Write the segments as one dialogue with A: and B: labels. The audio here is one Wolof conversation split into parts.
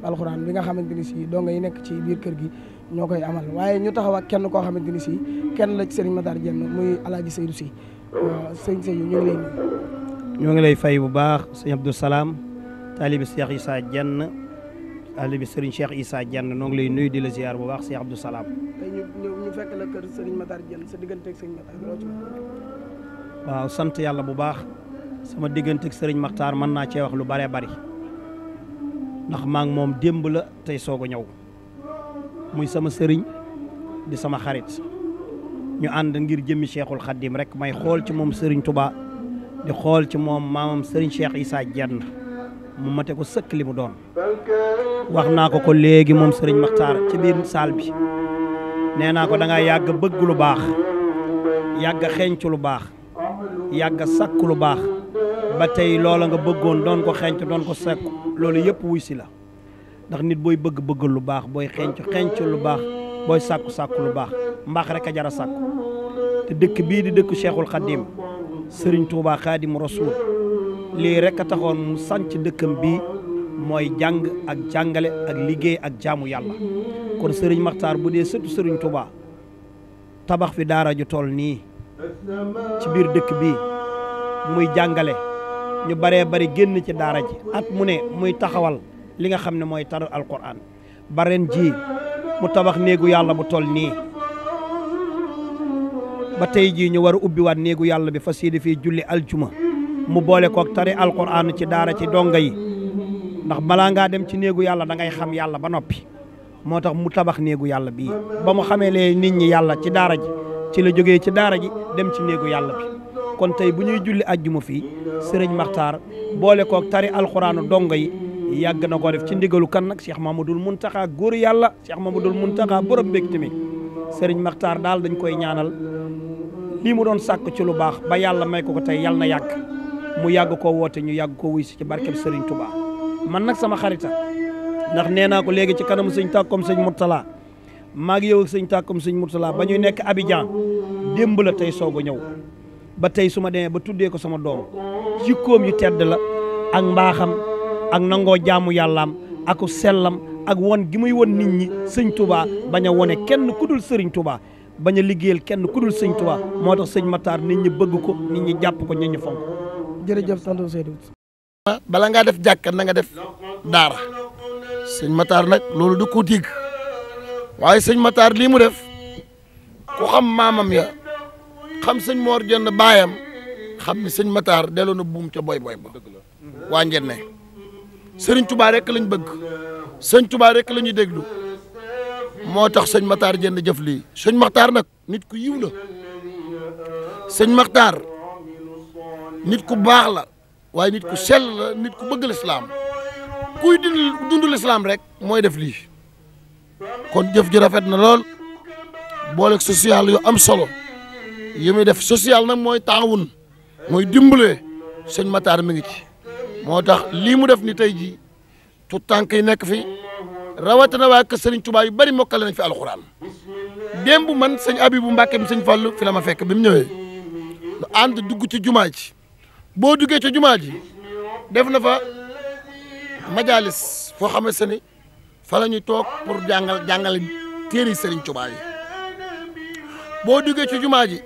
A: alxuraan bi nga xamante ni si donga yi nekk ci biir kër gi ñoo koy amal waaye ñu taxaw kenn koo xamante ni si kenn la ci Serigne Matar Diène
B: muy Alaaji Seydou Si sëñ Seydou ñu
A: ngi lay ñoo fay bu baax sëñ Abdou Salaam taalibi Cheikh Issa Diène taalibi Serigne Cheikh Issa Diène noo ngi lay nuyu di la ziar bu baax seex Abdou Salaam
B: tey ñu fekk la kër Serigne Matar Diène sa diggante ak Serigne
A: waaw sant yàlla bu baax sama diggante ak Serigne Matar mën naa cee wax lu bare bari ndax maa moom démb la tey soog a ñëw muy sama sëriñ di sama xarit ñu ànd ngir jëmmi cheikhul xaddim rek may xool ci moom sëriñ Touba di xool ci moom maamam sëriñ Cheikh Issa Dieng mu mate ko sëkk li mu doon wax naa ko ko léegi moom sëriñ Maxtaar ci biir saal bi nee naa ko da ngaa yàgg bëgg lu baax yàgg xeeñcu lu baax yàgg sakku baax ba tey loola nga bëggoon doon ko xenc doon ko loolu yëpp wuy si la ndax nit booy bëgg bëgg lu baax booy xenc xenc lu baax booy sàkku sàkku lu baax mbaax rek a jara sàkku te dëkk bii di dëkku Cheikhul Khadim Serigne di Khadim Rasoul lii rek a taxoon mu sanc dëkkam bii mooy jàng ak jàngale ak liggéey ak jaamu yàlla kon sëriñ Makhtar bu dee sëtu Serigne tabax fi daara ju toll nii ci biir dëkk bii muy jàngale. ñu baree bari génn ci daara ji at mu ne muy taxawal li nga xam ne mooy tar alquran ba ren ji mu tabax néegu yàlla bu toll nii ba tey jii ñu war a ubbiwaat néegu yàlla bi fas yéene fii julli aljuma mu boole kook tari alquran ci daara ci donga yi ndax balaa ngaa dem ci néegu yàlla da ngay xam yàlla ba noppi moo tax mu tabax néegu yàlla bii ba mu xamee lee nit ñi yàlla ci daara ji ci la jógee ci daara ji dem ci néegu yàlla kon tey bu ñuy julli àjjuma fii sëriñ Maxtaar boole koog tari alxuraanu dongo yi yàgg na ko def ci ndigalu kan nag Cheikh Mamadul Muntaxa góor yàlla dul mun Muntaxa borom mbégte mi sëriñ Maxtaar daal dañ koy ñaanal lii mu doon sàkk ci lu baax ba yàlla may ko ko tey yàlla na yàgg mu yàgg ko woote ñu yàgg koo wuy si ci barkeb sëriñ Touba man nag sama xarita ndax nee naa ko léegi ci kanamu sëñ tàkkoom sëñ Murtala maa ngi yow ak taa tàkkoom sëñ Murtala ba ñuy nekk Abidjan démb la tey soog a ñëw ba tey su ma demee ba tuddee ko sama doom jikkoom yu tedd la ak mbaaxam ak nangoo jaamu yàllaam aku sellam ak won gi muy won nit ñi sëñ Touba bañ a wone kenn ku dul sëriñ Touba bañ a liggéeyal kenn ku dul sëñ Touba moo tax sëñ Matar nit ñi bëgg ko nit ñi jàpp ko nit ñi jërëjëf sant Seydou
C: bala ngaa def jàkka na nga def daara sëñ Matar nag loolu du ko dégg waaye sëñ Matar lii mu def ku xam maamam ya xam sëñ moor Jënd baayam xam ni sëñ Matar delloo na buum ca boy boy ba waa Njenne sëriñ Touba rek lañ bëgg sëñ Touba rek la ñuy déglu moo tax sëñ mataar Jënd jëf lii sëñ Matar nag nit ku yiw la sëñ Matar nit ku baax la waaye nit ku sell nit ku bëgg lislaam kuy dund dund lislaam rek mooy def lii kon jëf ji rafet na lool boole social yu am solo. yi muy def social nag mooy taawun mooy dimbale sëñ mataar mi ngi ci moo tax lii mu def ni tey jii tout tànk yi nekk fi rawatina waa kër Serigne Touba yu bari mokkale nañ fi alxuraan démb man sëñ Abibu Mbàkke bi sëñ Fallu fi la ma fekk bi mu ñëwee lu ànd dugg ci jumaa ji boo duggee ci jumaa ji def na fa majalis foo xamante ne fa la ñuy toog pour jàngal jàngale téere Serigne Touba yi boo duggee ci jumaa ji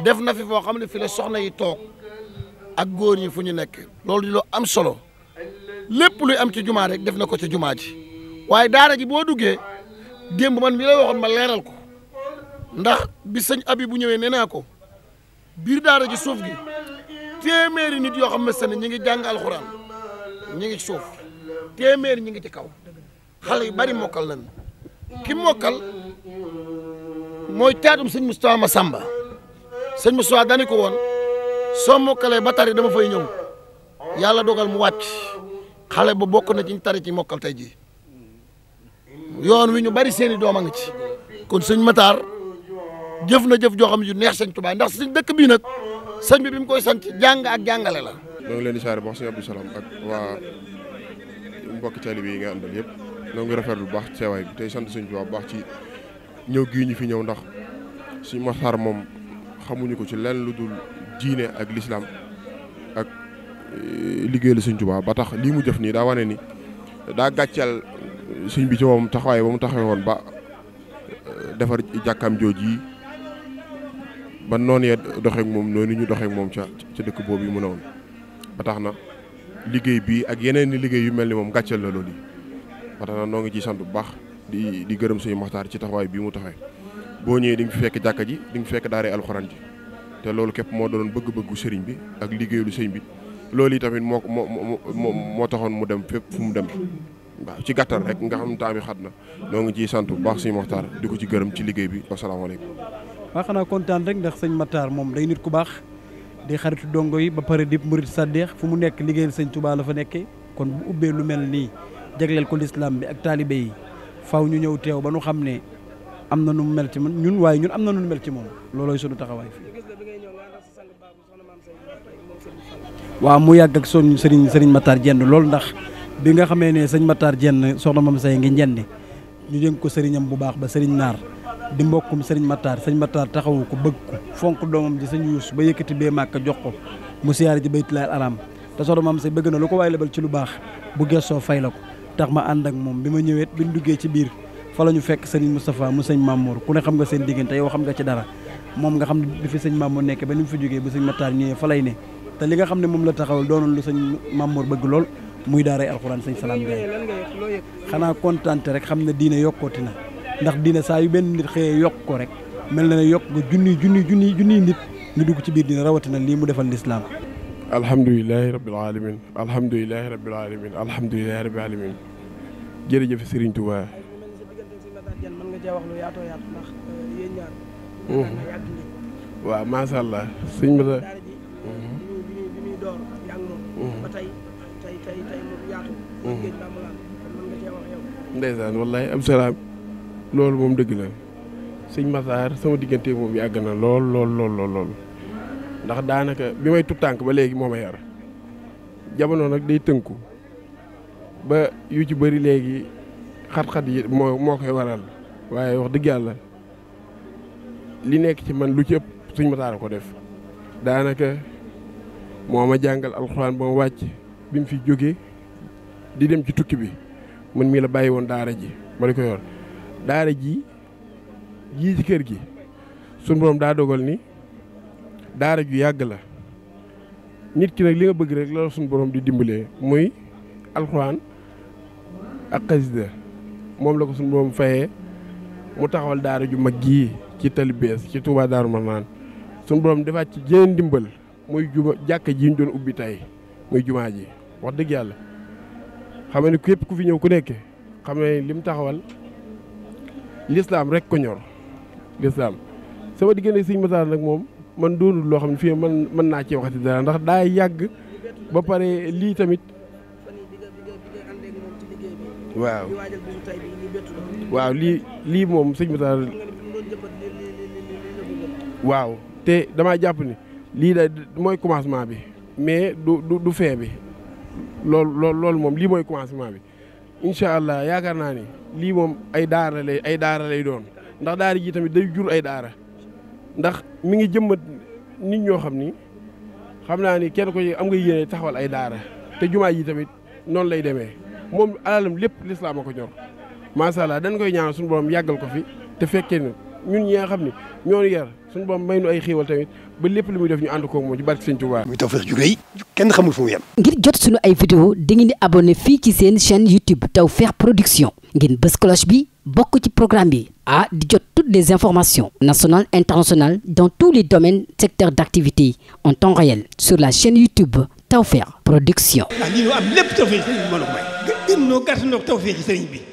C: def na fi foo xam ne fi soxna yi toog ak góor ñi fu ñu nekk loolu di lu am solo lépp luy am ci jumaa rek def na ko ci jumaa ji waaye daara ji boo duggee démb man mi lay waxoon ma leeral ko ndax bi sëñ abi bu ñëwee nee naa ko biir daara ji suuf gi téeméeri nit yoo xam ne seen ñi ngi jàng alxuraan ñi ngi suuf téeméeri ñi ngi ci kaw xale yu bari mokkal lan ki mokkal mooy taatum sëñ Moustapha Massamba sëñ bi suwaa dani ko woon soo mokkalee ba tari dama fay ñëw yàlla dogal mu wàcc xale ba bokk na ci ñu tari ci mokkal tey jii yoon wi ñu bari seeni doom a ngi ci kon sëñ Matar jëf na jëf joo xam ju neex sëñ Tuubaa ndax suñ dëkk bii nag sëñ bi bi mu koy sant jàng ak jàngale la.
D: ñoo ngi leen di saare bu baax sëñ Abdou Salam ak waa mbokki taalibe yi nga àndal yëpp ñoo ngi rafetlu bu baax teewaay bi tey sant sëñ Tuubaa bu baax ci ñëw gii ñu fi ñëw ndax suñu xamuñu ko ci lenn lu dul diine ak lislaam ak eh, liggéeyal suñ Tuubaa ba tax lii mu jëf nii daa wane ni daa gàcceel eh, suñ bi ci moom taxawaay ba mu taxawee woon ba eh, defar jàkkam jooj yi ba noon yee doxeek moom noonu ñu doxeek moom ca ca dëkk boobu yi mu ne woon ba tax na liggéey bii ak yeneen ni liggéey yu mel ni moom gàcceel la loolu yi ba tax na noo ngi ciy sant bu baax di di gërëm suñu maxtaar ci taxawaay bii mu taxawee boo ñëwee di nga fi fekk jàkka ji di nga fi fekk daaree alxuraan ji te loolu képp moo doon bëgg-bëggu sëriñ bi ak liggéeyalu sëriñ bi lool yi tamit moo moo moo taxoon mu dem fépp fu mu dem waaw ci gàttal rek nga xam temps bi xat na ñoo ngi ciy sant bu baax suñu Maxtaar di ko ci gërëm ci liggéey bi wasalaamaaleykum.
B: waaw xanaa kontaan rek ndax sëñ Maxtaar moom day nit ku baax di xaritu dongo yi ba pare di murit sàddeex fu mu nekk liggéeyal sëñ Touba la fa nekkee kon bu lu mel nii jagleel ko lislaam bi ak taalibe yi faw ñu ñëw teew ba nu xam ne am na nu mu mel ci man ñun waaye ñun am na nu mel ci moom loolooy sunu taxawaay fii. waaw mu yàgg ak sëriñ sëriñ Matar Jenn loolu ndax bi nga xamee ne sëñ Matar Jenn soxna Mame Saye ngi njenni ñu dénk ko sëriñam bu baax ba sëriñ Naar di mbokkum sëriñ Matar sëñ Matar taxawu ko bëgg ko fonk doomam ji sëñ Yuus ba yëkkati bee màkk jox ko mu siyaare ji baytul haram te soxna Mame Saye bëgg na lu ko waay lebal ci lu baax bu gessoo fay la ko tax ma ànd ak moom bi ma ñëwee bi ñu ci biir fa la ñu fekk sëriñ Moustapha mu sëñ Mamour ku ne xam nga seen diggante yow xam nga ci dara moom nga xam ne bi fi sëñ Mamour nekk ba ni mu fi jógee bu sëñ Matar ñëwee fa lay ne te li nga xam ne moom la taxawal doonoon lu sëñ Mamour bëgg lool muy daaray alxuraan sëñ Salaam Gaye xanaa kontaante rek xam ne diine yokkooti na ndax diina saa yu benn nit xëyee yokk ko rek mel na ne yokk nga junni junni junni
E: junni nit ñu dugg ci biir diine rawatina lii mu defal lislaam alhamdulilahi rabil alamin alhamdulilahi rabil alamin alhamdulilahi rabil alamin jërëjëf Sëriñ Tuubaa
B: Oustaz Diagne mën nga cee wax lu yaatoo yaatu ndax euh, yéen ñaar. Mhm. yàgg ba tey tey tey tey
E: moom mhm. am salaam loolu moom dëgg na sëñ Massar sama diggante moom yàgg na lool lool lool ndax daanaka bi may tut tànk ba léegi moom ma yar jamono nag day tënku ba yu ci bëri léegi. xat-xat yi moo moo koy waral waaye wax dëgg yàlla li nekk ci man lu ci suñ mataara ko def daanaka moo ma jàngal alxuraan ba ma wàcc bi mu fi jógee di dem ci tukki bi man mii la bàyyi woon daara ji ma di ko yor ji jii ci kër gi suñ borom daa dogal ni daara ju yàgg la nit ki nag li nga bëgg rek la suñ borom di dimbalee muy alxuraan ak xasida moom la ko suñu borom fayee mu taxawal daara ju mag jii ci tali bees ci Touba Daaru Marnaan suñu borom defaat ci jeneen ndimbal muy juma jàkka ji doon ubbi tey muy jumaa ji wax dëgg yàlla xam ne képp ku fi ñëw ku nekke xam ne li mu taxawal lislaam rek ko ñor lislaam sama diggante ma Matar nag moom man doonul loo xam ne fii man mën naa ci waxati dara ndax daa yàgg ba pare lii tamit
B: waaw lii lii moom sëñ Moussa
E: waaw te damaa jàpp ni lii da mooy commencement bi mais du du fee bi loolu loolu loolu moom lii mooy commencement bi incha allah yaakaar naa ni lii moom ay daara lay ay daara lay doon ndax daara ji tamit day jur ay daara ndax mi ngi jëmbat nit ñoo xam ni xam naa ni kenn ko am nga yéene taxawal ay daara te jumaa ji tamit noonu lay demee moom alalam lépp lislaam a ko ñor macha allah dañ koy ñaanal suñu borom yàggal ko fi te fekkee ne ñun ñi xam ne ñoo yar suñu borom may nu ay xiiwal tamit ba lépp lu muy def ñu ànd koog moom ci barke Sëñ Tuubaa. muy Tawfekh ju rëy kenn xamul fu mu
B: ngir jot suñu ay vidéo dangeen di abonné fii ci seen chaîne YouTube Tawfekh Production ngeen bës cloche bi bokk ci programme bi ah di jot toutes les informations national internationales dans tous les domaines secteurs d'activité en temps réel sur la chaîne YouTube Tawfekh Production.
A: ah lii loo am lépp Tawfekh sëriñ gën noo gàtt ndoog tawfeexi sëriñ bi